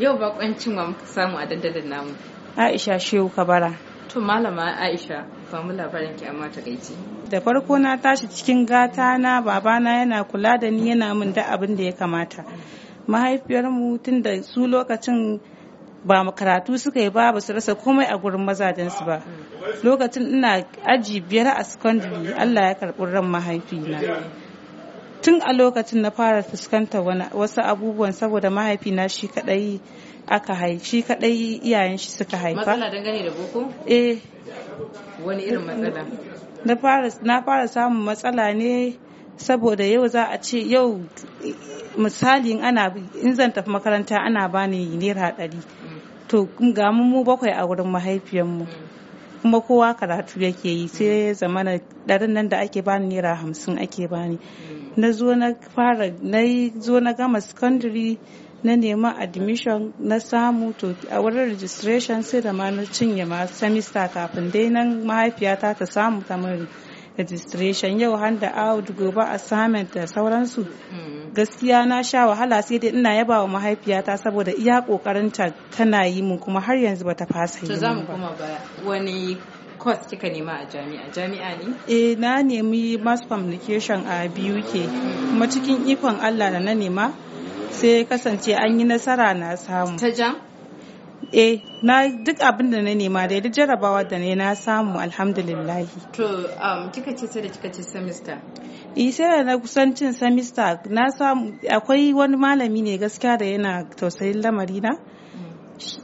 Yau bakoncin wa muka samu a dandalin namu. Aisha Shehu Kabara. To malama Aisha, famu labarin ki amma ta gaici Da farko na tashi cikin gata na babana yana kula da ni yana min da abin da ya kamata. Mahaifiyarmu tun da su lokacin ba karatu suka yi ba su rasa komai a gurin mazajen su ba. Lokacin ina aji biyar a secondary Allah ya karɓi ran mahaifina. tun a lokacin na fara fuskanta wasu abubuwan saboda mahaifina shi kadai aka shi kadai iyayen shi suka haifa matsala dangane da boko eh wani irin matsala na fara na fara samun matsala ne saboda yau za a ce yau misali in ana in zan tafi makaranta ana bani naira ɗari to ga mu bakwai a wurin mahaifiyarmu kuma kowa karatu yake yi sai zamana ɗarin nan da ake bani naira hamsin ake bani na zo na fara na zo na gama secondary na neman admission na samu to a wurin registration sai da ma na cinye ma semester kafin dai nan mahaifiyata ta samu ta registration yau handa out gobe assignment da sauransu hmm. gaskiya na sha wahala sai dai ina yaba wa mahaifiyata saboda iya kokarinta tana yi mu kuma har yanzu bata fasa yi za mu kuma ba wani course kika nema a jami'a jami'a ne eh na nemi mass communication a biyu ke kuma cikin ikon Allah da na nema sai kasance an yi nasara na samu ta jam eh na duk abin da na nema da duk jarabawa da ne na samu alhamdulillah. to um, kika ce sai da kika ce semester eh sai da na kusancin semester na samu akwai wani malami ne gaskiya da yana tausayin lamari na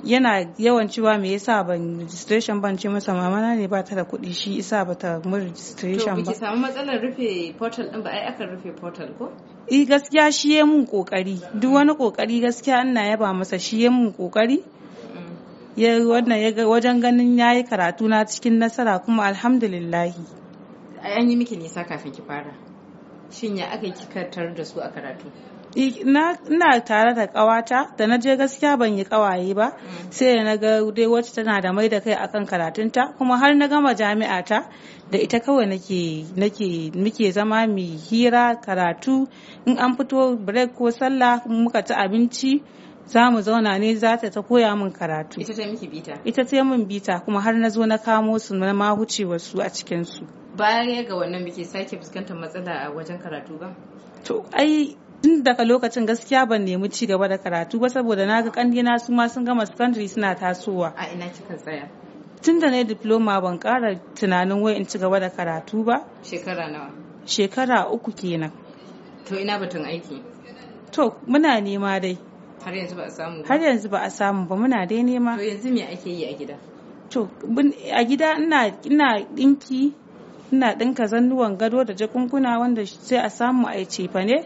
yana yawan cewa me yasa ban registration ban ce masa mama na ne ba ta da kuɗi shi isa ba ta mu registration ba. To samu matsalar rufe portal din ba ai aka rufe portal ko? Eh gaskiya shi ya mun kokari duk wani kokari gaskiya ina yaba masa shi ya mun kokari. ya wannan wajen ganin ya yi karatu na cikin nasara kuma alhamdulillahi an yi miki nisa kafin ki fara shin ya aka kikatar da su a karatu ina tare da kawata da na je gaskiya ban yi kawaye ba mm. sai na ga dai wacce tana da mai da kai akan karatunta kuma har na gama jami'a ta da ita kawai nake muke zama mai hira karatu in an fito break ko sallah muka ci abinci za mu zauna ne za ta ta koya min karatu ita ta miki bita ita ta min bita kuma har na zo na kamo su na ma huce wasu a cikin su ya ga wannan muke sake fuskantar matsala a wajen karatu ba to ai tun daga lokacin gaskiya ban nemi ci gaba da karatu ba saboda na ga kandina su ma sun gama secondary suna tasowa a ina kika tsaya tun da na diploma ban kara tunanin wai in ci gaba da karatu ba shekara nawa shekara uku kenan to ina batun aiki to muna nema dai har yanzu ba a samu har yanzu ba a samu ba muna dai nema to yanzu me ake yi a gida to a gida ina ina dinki ina dinka zannuwan gado da jakunkuna wanda sai a samu a fa ne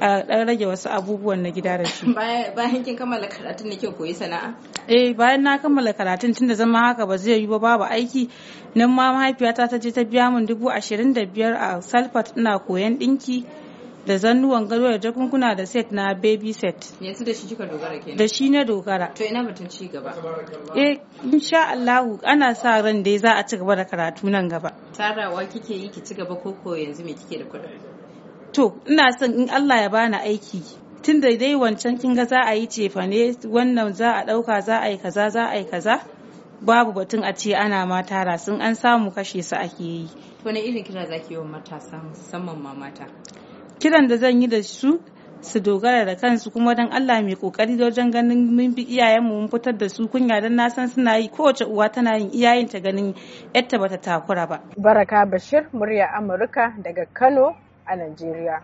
a dan rage wasu abubuwan na gida da shi bayan kin kammala karatun ne kin koyi sana'a eh bayan na kammala karatun tunda zama haka ba zai yi ba babu aiki nan ma mahaifiyata ta je ta biya min dubu ashirin da biyar a salfat ina koyan dinki da zannuwan gado da jakunkuna da set na baby set yanzu da shi kika dogara kenan da shi na dogara to ina batun ci gaba eh insha Allah ana sa ran dai za a ci gaba da karatu nan gaba tarawa kike yi ki ci gaba koko yanzu me kike da kuɗi to ina son in Allah ya bani aiki tun da dai wancan kin ga za a yi cefa ne wannan za a ɗauka za a yi kaza za a yi kaza babu batun a ce ana ma tara sun an samu kashe su ake yi to ne irin kira zaki yi wa matasa musamman ma mata kiran da zan yi da su su dogara da kansu kuma don Allah mai kokari wajen ganin mun bi iyayenmu mun fitar da su kunya don na san suna yi kowace uwa tana yin iyayen ta ganin yadda bata takura ba. Baraka Bashir murya Amurka daga Kano a Najeriya.